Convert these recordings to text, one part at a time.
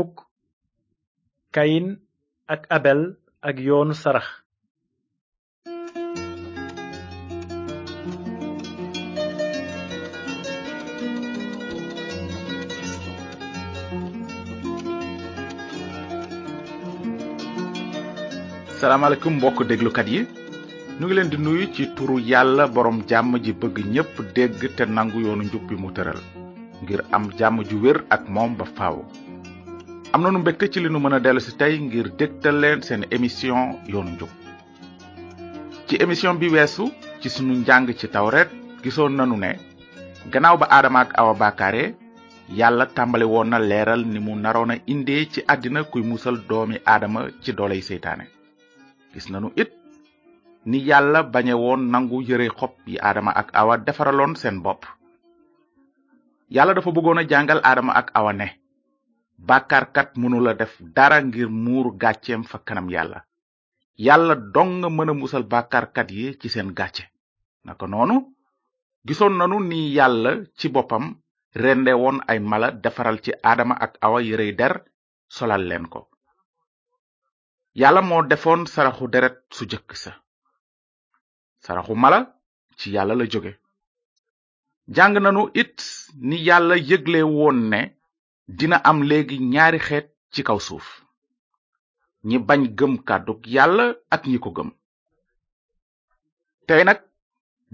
fukk ak abel ak yoonu sarax mbokk déglukat yi ñu ngi leen di nuyu ci turu yàlla boroom jàmm ji bëgg ñépp dégg te nangu yoonu njub bi mu tëral ngir am jàmm ju wér ak moom ba faaw am nañu mbégte ci li nu mën a dellu si tey ngir dégtal leen seen émission yoonu njub ci émission bi weesu ci sunu njàng ci tawret gisoon nanu ne gannaaw ba aadama ak awa baakaare yàlla tàmbali woon na leeral ni mu naroon a indee ci àddina kuy musal doomi aadama ci yi seytaane gis nanu it ni yàlla bañe woon nangu yëre xob yi aadama ak awa defaraloon seen bopp yàlla dafa bëggoon a jàngal aadama ak awa ne bàkkaarkat mënula def dara ngir muuru gàcceem fa kanam yàlla yàlla dong nga mën a musal bàkkaarkat yi ci seen gàcce naka noonu gisoon nanu ni yàlla ci boppam rende woon ay mala defaral ci aadama ak awa yërey der solal leen ko yàlla moo defoon saraxu deret su jëkk sa saraxu mala ci yàlla la jóge jàng nanu it ni yàlla yëgle woon ne dina am léegi ñaari xeet ci kaw suuf ñi bañ gëm kàddug yàlla ak ñi ko gëm tey nag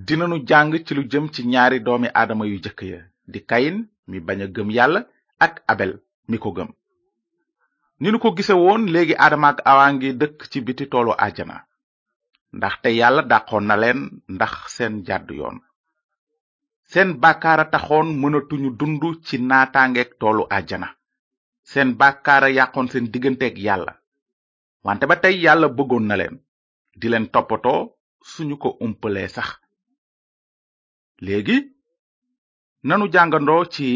dinanu jàng ci lu jëm ci ñaari doomi aadama yu jëkk ya di kayin mi bañ a gëm yàlla ak abel mi ko gëm ni nu ko gise woon léegi aadama ak dëkk ci biti toolu àjjana ndaxte yàlla dàqoon na leen ndax seen jàdd yoon seen bàkkaara taxoon mënatuñu dund ci naataangeeg toolu àjjana seen bàkkaara yàqoon seen digganteek yàlla wante ba tey yàlla bëggoon na leen di leen toppatoo suñu ko umpalee sax léegi nanu jàngandoo ci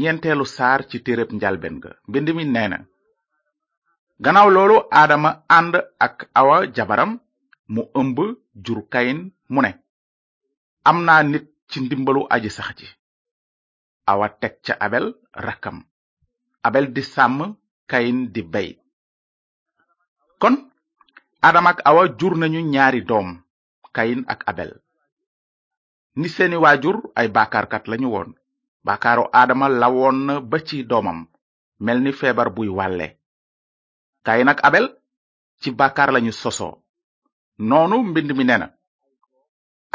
ñeenteelu saar ci téereb njalbeen ga mbind mi nee na gannaaw loolu aadama ànd ak awa jabaram mu ëmb jur kayin mu ne am naa nit ci ndimbalu aji sax ji awa teg ca abel rakkam abel di sàmm kayin di bay kon adam awa jur nañu ñaari doom kayin ak abel ni seeni waajur ay baakaarkat lañu woon baakaaru adama lawoon na ba ci doomam mel ni feebar buy wàlle kayin ak abel ci baakaar lañu soso noonu mbind mi nena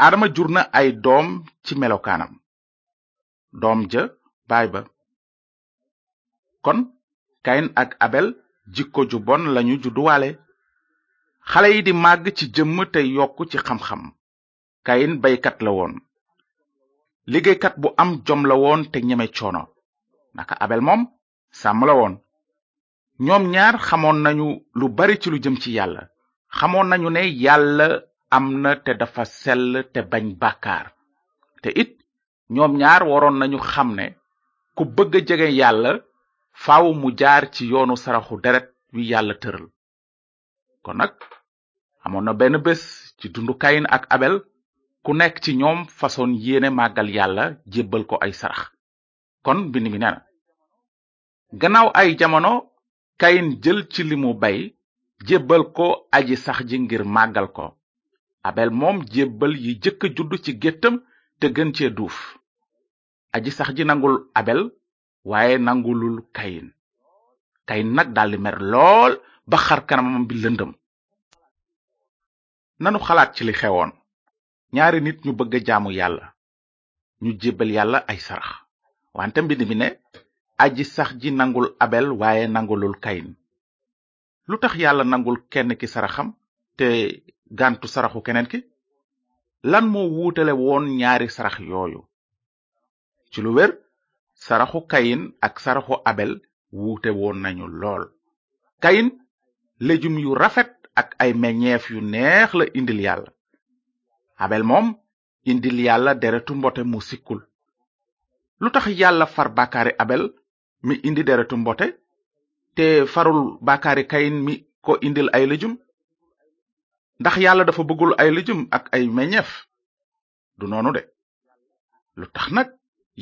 adama jur na ay doom ci melokaanam doom ja baay ba kon kayin ak abel jikko ju bon lañu judduwaale xale yi di màgg ci jëmm te yokk ci xam-xam kayin baykat la woon liggéeykat bu am jom la woon te ñeme coono naka abel moom sàmm la woon ñoom ñaar xamoon nañu lu bari ci lu jëm ci yàlla xamoon nañu ne yàlla am na te dafa sell te bañ bàkkaar te it ñoom ñaar waroon nañu xam ne ku bëgg a jege yàlla faw mu jaar ci yoonu saraxu deret wi yàlla tëral kon nag amoon na benn bés ci dundu kayin ak abel ku nekk ci ñoom façon yéene màggal yàlla jébbal ko ay sarax kon mbind gannaaw ay jamono kayin jël ci limu bay jébbal ko aji sax ji ngir màggal ko abel moom jébbal yi jëkk judd ci géttam te gën cee duuf aji sax ji nangul abel waaye nangulul kayin kayin nag daldi mer lool ba xar kanamam bi lëndëm nanu xalaat ci li xewoon ñaari nit ñu bëgg jaamu yàlla ñu jébbal yàlla ay sarax wante mbind mi ne aji sax ji nangul abel waaye nangulul kayin lu tax yàlla nangul kenn ki saraxam te gàntu saraxu keneen ki lan moo wuutale woon ñaari sarax yooyu ci lu wér saraxu kayin ak saraxu abel wuute woon nañu lool kayin lejum yu rafet ak ay meññeef yu neex la indil yàlla abel moom indil yàlla deretu mbote mu sikkul lu tax yàlla far bàkkaari abel mi indi deretu mbote te farul bàkkaari kayin mi ko indil ay lejum ndax yàlla dafa bëggul ay lijum ak ay meññeef du noonu de lu tax nag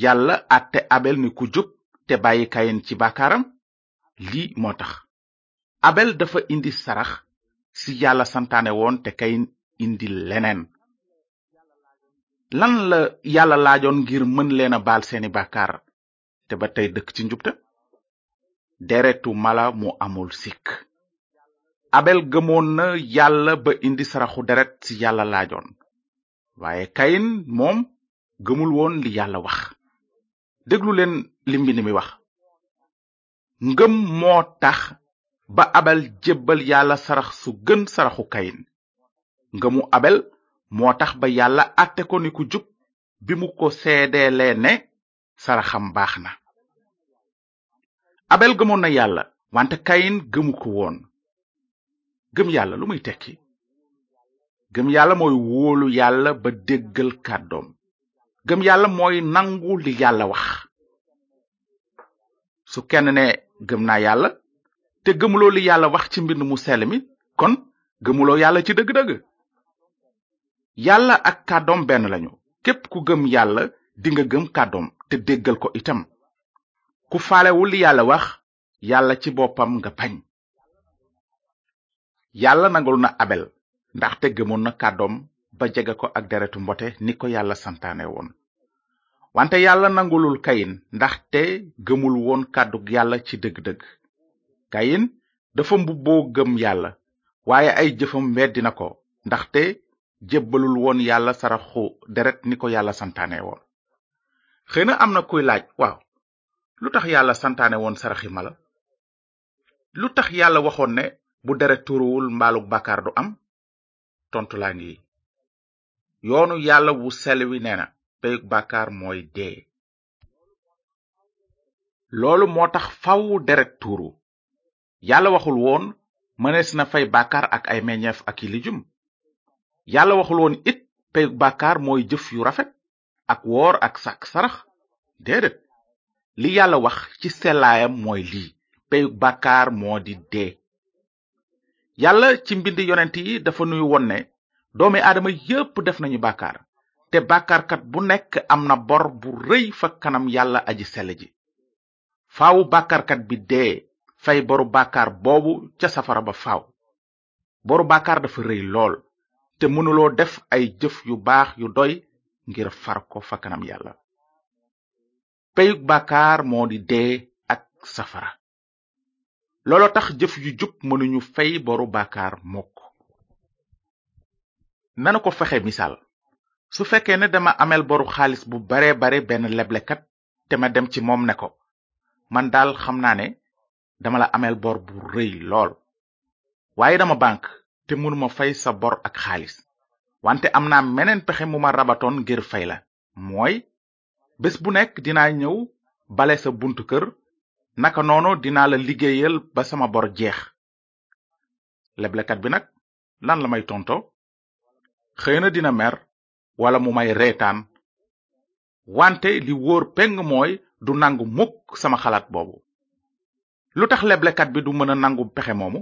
yàlla àtte abel ni ku jub te bàyyi kayin ci baakaaram lii moo tax abel dafa indi sarax si yàlla santaane woon te kay indi leneen lan la yàlla laajoon ngir mën leen a bal seeni baakaar te ba tey dëkk ci njubte deretu mala mu amul sik abel gëmoon na yàlla ba indi saraxu deret ci yàlla laajoon waaye kayin moom gëmul woon li yàlla wax dégluleen leen li mbind mi wax ngëm moo tax ba abel jébbal yàlla sarax su gën saraxu kayin ngëmu abel moo tax ba yàlla àtte ko ni ku jub bi mu ko seedeelee ne saraxam baax na abel gëmoon na yàlla wante kayin gëmu ko woon gëm yàlla lu muy tekki gëm yàlla mooy wóolu yàlla ba déggal kàddoom gëm yàlla mooy nangu li yàlla wax su kenn ne gëm naa yàlla te gëmuloo li yàlla wax ci mbind mu sell mi kon gëmuloo yàlla ci dëgg-dëgg yàlla ak kàddoom benn lañu képp ku gëm yàlla dinga gëm kàddoom te déggal ko itam ku faalewul li yàlla wax yàlla ci boppam nga bañ yàlla nangul na abel ndaxte gëmoon na kàddoom ba jege ko ak deretu mbote ni ko yàlla santaane woon wante yàlla nangulul kayin ndaxte gëmul woon kàddug yàlla ci dëgg-dëgg kayin dafa mbubboo gëm yàlla waaye ay jëfam weddi na ko ndaxte jébbalul woon yàlla saraxu deret ni ko yàlla santaane woon na am na kuy laaj waaw lu tax yàlla santaane woon saraxi mala lu tax yàlla waxoon bu deret turuwul mbaalug bàkkaar du am tontu laa ngi yoonu yàlla wu sel wi nee na peyug mooy dee loolu moo tax faw deret tuuru yàlla waxul woon mënees na fay bàkkaar ak ay meññeef ak i lijum yàlla waxul woon it peyug bàkkaar mooy jëf yu rafet ak woor ak sàkk sarax déedéet li yàlla wax ci sellaayam mooy lii peyug bàkkaar moo di de yàlla ci mbind yonent yi dafa nuy won ne doomi aadama yépp def nañu bàkkaar te bàkkaarkat bu nekk am na bor bu rëy fa kanam yàlla aji sell ji faawu bàkkaarkat bi dee fay boru bàkkaar boobu ca safara ba faaw boru bàkkaar dafa rëy lool te mënuloo def ay jëf yu baax yu doy ngir far ko fa kanam yàlla peyug bàkkaar moo di dee ak safara looloo tax jëf yu jub mënuñu fey boru bàkkaar mukk nanu ko fexe misaal su fekkee ne dama amel boru xaalis bu bare bare benn leblekat te ma dem ci moom ne ko man daal xam naa ne dama la amel bor bu rëy lool waaye dama bank te mënuma fay sa bor ak xaalis wante am na meneen pexe mu ma rabatoon ngir fay la mooy bés bu nekk dinaa ñëw bale sa buntu kër naka noonu dinaa la liggéeyal ba sama bor jeex leblekat bi nag lan la may tonto xëy na dina mer wala mu may reetaan wante li wóor peng mooy du nangu mukk sama xalaat boobu lu tax leblekat bi du mën a nangu pexe moomu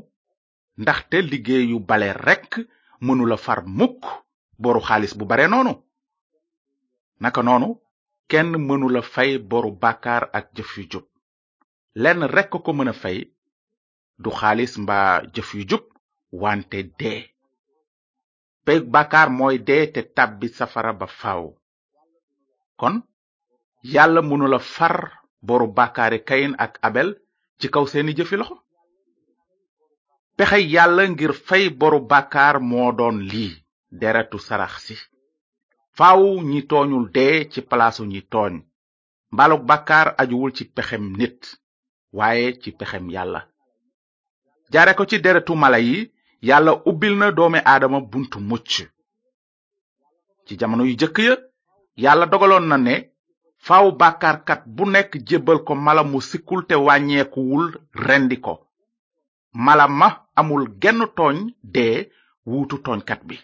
ndaxte liggéeyu bale rekk mënula far mukk boru xaalis bu bare noonu naka noonu kenn mënula fay boru bàkkaar ak jëf yu jub lenn rekk ko mën a fay du xaalis mba jëf yu jub wante dee peyug bàkkaar mooy dee te tàbbi safara ba faw kon yàlla mënula far boru bàkkaari kayin ak abel ci kaw seeni jëfi loxo pexe yàlla ngir fay boru bàkkaar moo doon lii deretu sarax si faw ñi tooñul dee ci palaasu ñi tooñ mbalug bàkkaar ajuwul ci pexem nit waaye ci pexem yàlla jaare ko ci deretu mala yi yàlla ubbil na doomi aadama buntu mucc ci jamono yu jëkk ya yàlla dogaloon na ne faw bàkkaarkat bu nekk jébbal ko mala mu sikkul te wàññeekuwul rendi ko mala ma amul genn tooñ dee wuutu tooñkat bi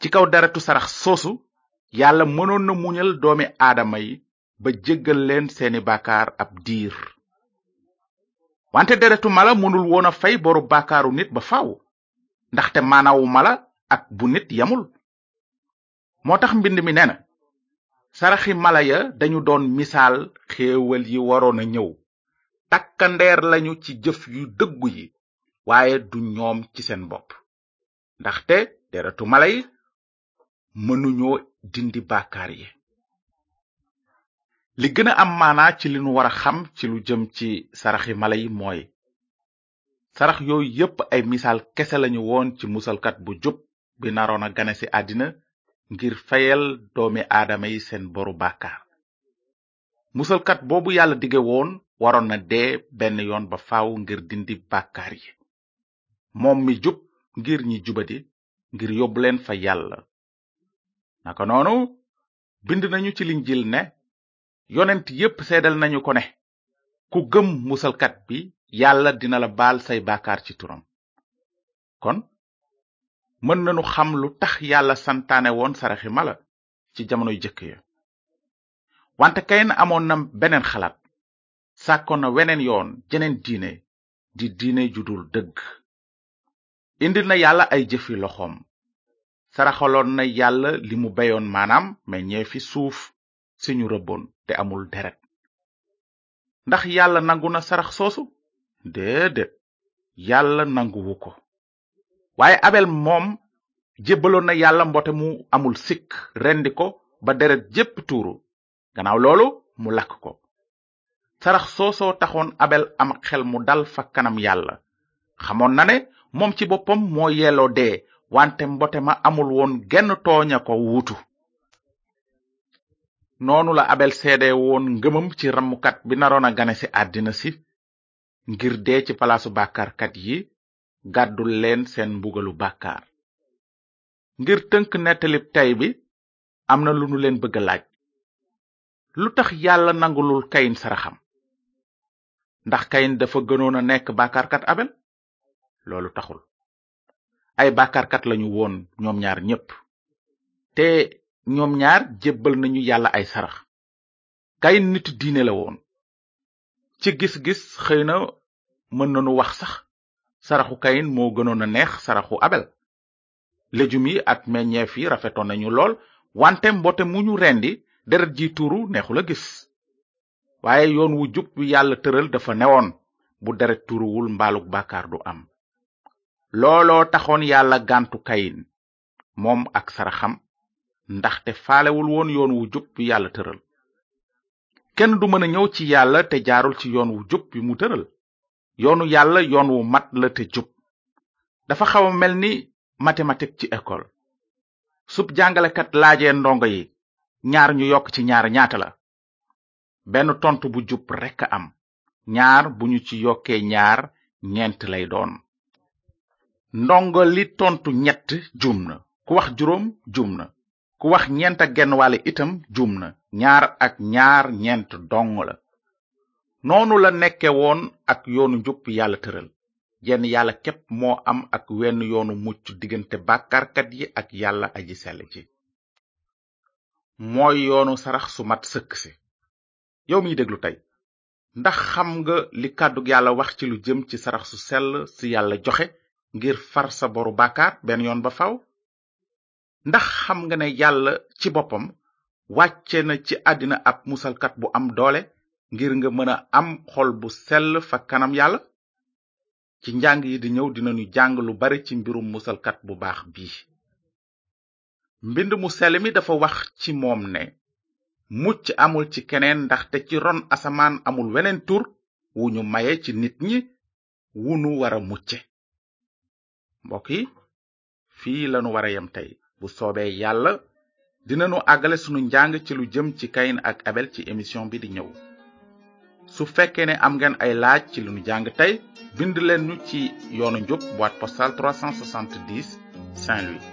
ci kaw deretu sarax soosu yàlla mënoon na muñal doomi aadama yi ba jéggal leen seeni bàkkaar ab diir wante deretu mala mënul woon a fay boru bàkkaaru nit ba faw ndaxte maanawu mala ak bu nit yamul moo tax mbind mi nee na saraxi mala ya dañu doon misaal xéewal yi waroon a ñëw takkandeer lañu ci jëf yu dëggu yi waaye du ñoom ci seen bopp ndaxte deretu mala yi mënuñoo dindi bàkkaar yi li gën a am maanaa ci li nu war a xam ci lu jëm ci saraxi mala yi mooy sarax yooyu yépp ay misaal kese lañu woon ci musalkat bu jub bi naroon a gane ci àddina ngir fayal doomi aadama yi seen boru bàkkaar musalkat boobu yàlla dige woon waroon na dee benn yoon ba faaw ngir dindi bàkkaar yi moom mi jub ngir ñi juba di ngir yóbbu leen fa yàlla naka noonu bind nañu ci linjil ne yonent yépp seedal nañu ko ne ku gëm musalkat bi yàlla dina la bal say baakaar ci turam kon mën nañu xam lu tax yàlla santaane woon saraxi mala ci jamonoy jëkk ya wante kayin amoon na beneen xalaat sàkkoon na weneen yoon jeneen diine di diine ju dul dëgg indil na yàlla ay jëfi loxoom saraxaloon na yàlla li mu beyoon maanaam meññee suuf si ñu rëbboon te amul deret ndax yàlla nangu na sarax soosu déedéet yàlla nanguwu ko waaye abel moom jébbaloon na yàlla mboote mu amul sikk rendi ko ba deret jépp tuuru gannaaw loolu mu lakk ko sarax soosoo taxoon abel am xel mu dal fa kanam yàlla xamoon na ne ci boppam moo yelloo dee wante mbote ma amul woon genn tooña ko wuutu noonu la abel seede woon ngëmam ci ramukat bi naroon a gane ci àddina si ngir dee ci palaasu bàkkaarkat yi gàddul leen seen mbugalu bàkkaar ngir tënk nettalib tey bi am na lu nu leen bëgg a laaj lu tax yàlla nangulul kayin saraxam ndax kayin dafa gënoona nekk bàkkaarkat abel loolu taxul ay bàkkaarkat lañu woon ñoom ñaar ñépp te ñoom ñaar jébbal nañu yàlla ay sarax kayin nit diine la woon ci gis-gis xëy na mën nañu wax sax saraxu kayin moo gënoon a neex saraxu abel lejum yi ak meññeef yi rafetoon nañu lool wante mboote mu ñu rendi deret ji tuuru neexul a gis waaye yoon wu jub wi yàlla tëral dafa newoon bu deret tuuruwul mbaaluk bàkkaar du am looloo taxoon yàlla gàntu kayin moom ak saraxam ndaxte faalewul woon yoon wu jub yàlla tëral kenn du mën a ñëw ci yàlla te jaarul ci yoon wu jub bi mu tëral yoonu yàlla yoon wu mat la te jub dafa xaw a mel ni mathématique ci école sub jàngalekat laajee ndongo yi ñaar ñu yokk ci ñaar ñaata la benn tontu bu jub rekk a am ñaar bu ñu ci yokkee ñaar ñeent lay doon ndongo li tontu ñett juum ku wax juróom juum na ku wax ñeent genn wàll itam juum na ñaar ak ñaar ñeent dong la noonu la nekke woon ak yoonu jup yàlla tëral yenn yàlla képp moo am ak wenn yoonu mucc diggante bàkkaarkat yi ak yàlla aji sell ji mooy yoonu sarax su mat sëkk si yow miy déglu tey ndax xam nga li kàddug yàlla wax ci lu jëm ci sarax su sell si yàlla joxe ngir far sa boru bàkkaar benn yoon ba faw ndax xam nga ne yàlla ci boppam wàcce na ci àddina ab musalkat bu am doole ngir nga mën a am xol bu sell fa kanam yàlla ci njàng yi di ñëw dinañu jàng lu bari ci mbirum musalkat bu baax bii mbind mu sell mi dafa wax ci moom ne mucc amul ci keneen ndaxte ci ron asamaan amul weneen tur wu ñu maye ci nit ñi wu nu wara mucce mbokk yi fii lanu wara yem tey bu soobee yàlla dinanu àggale sunu njàng ci lu jëm ci kayin ak abel ci émission bi di ñëw su fekkee ne am ngeen ay laaj ci li nu jàng tey bind leen ñu ci yoonu njub boîte postale 370 Saint-Louis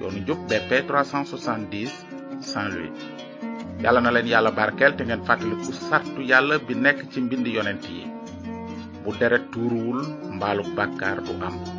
yoonu njub BP 370 Saint-Louis yàlla na leen yàlla barkeel te ngeen fàttaliku sartu yàlla bi nekk ci mbind yonent yi bu deret tuuruwul mbaaluk bàkkaar du am